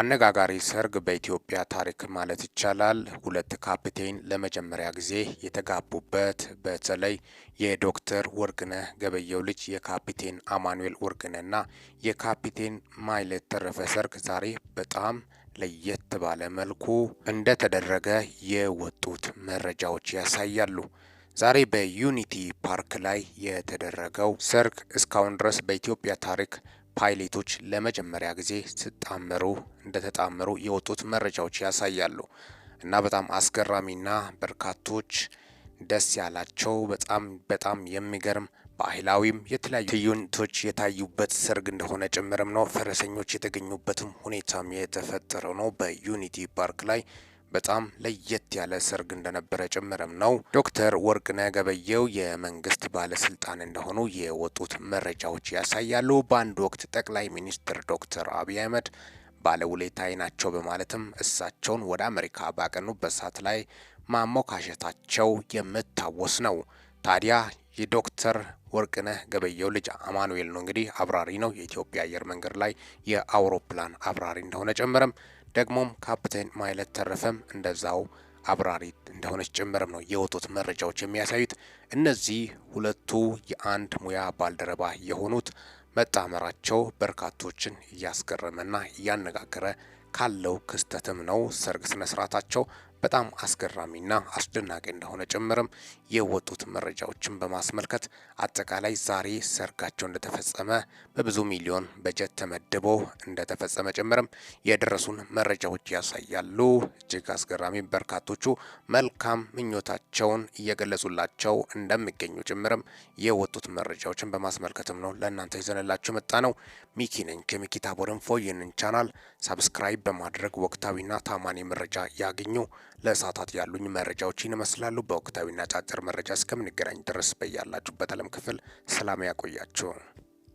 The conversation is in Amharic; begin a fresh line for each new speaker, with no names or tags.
አነጋጋሪ ሰርግ በኢትዮጵያ ታሪክ ማለት ይቻላል። ሁለት ካፕቴን ለመጀመሪያ ጊዜ የተጋቡበት በተለይ የዶክተር ወርቅነህ ገበየው ልጅ የካፒቴን አማኑኤል ወርቅነህና የካፒቴን ማይለት ተረፈ ሰርግ ዛሬ በጣም ለየት ባለ መልኩ እንደተደረገ የወጡት መረጃዎች ያሳያሉ። ዛሬ በዩኒቲ ፓርክ ላይ የተደረገው ሰርግ እስካሁን ድረስ በኢትዮጵያ ታሪክ ፓይሌቶች ለመጀመሪያ ጊዜ ሲጣመሩ እንደተጣመሩ የወጡት መረጃዎች ያሳያሉ እና በጣም አስገራሚና በርካቶች ደስ ያላቸው በጣም በጣም የሚገርም ባህላዊም የተለያዩ ትዕይንቶች የታዩበት ሰርግ እንደሆነ ጭምርም ነው። ፈረሰኞች የተገኙበትም ሁኔታም የተፈጠረው ነው በዩኒቲ ፓርክ ላይ በጣም ለየት ያለ ሰርግ እንደነበረ ጭምርም ነው። ዶክተር ወርቅነህ ገበየሁ የመንግስት ባለስልጣን እንደሆኑ የወጡት መረጃዎች ያሳያሉ። በአንድ ወቅት ጠቅላይ ሚኒስትር ዶክተር አብይ አህመድ ባለውለታዬ ናቸው በማለትም እሳቸውን ወደ አሜሪካ ባቀኑበት ሰዓት ላይ ማሞካሸታቸው የምታወስ ነው። ታዲያ የዶክተር ወርቅነህ ገበየሁ ልጅ አማኑኤል ነው እንግዲህ አብራሪ ነው። የኢትዮጵያ አየር መንገድ ላይ የአውሮፕላን አብራሪ እንደሆነ ጨምረም ደግሞም ካፕቴን ማይለት ተረፈም እንደዛው አብራሪ እንደሆነች ጭምርም ነው የወጡት መረጃዎች የሚያሳዩት። እነዚህ ሁለቱ የአንድ ሙያ ባልደረባ የሆኑት መጣመራቸው በርካቶችን እያስገረመና እያነጋገረ ካለው ክስተትም ነው። ሰርግ ስነስርዓታቸው በጣም አስገራሚና አስደናቂ እንደሆነ ጭምርም የወጡት መረጃዎችን በማስመልከት አጠቃላይ ዛሬ ሰርጋቸው እንደተፈጸመ በብዙ ሚሊዮን በጀት ተመድቦ እንደተፈጸመ ጭምርም የደረሱን መረጃዎች ያሳያሉ። እጅግ አስገራሚ በርካቶቹ መልካም ምኞታቸውን እየገለጹላቸው እንደሚገኙ ጭምርም የወጡት መረጃዎችን በማስመልከትም ነው ለእናንተ ይዘንላችሁ መጣ ነው። ሚኪ ነኝ ከሚኪ ይህንን ቻናል ሳብስክራይብ በማድረግ ወቅታዊና ታማኒ መረጃ ያገኙ። ለሰዓታት ያሉኝ መረጃዎች ይመስላሉ። በወቅታዊና ጫጭር መረጃ እስከምንገናኝ ድረስ በያላችሁበት ዓለም ክፍል ሰላም ያቆያችሁ።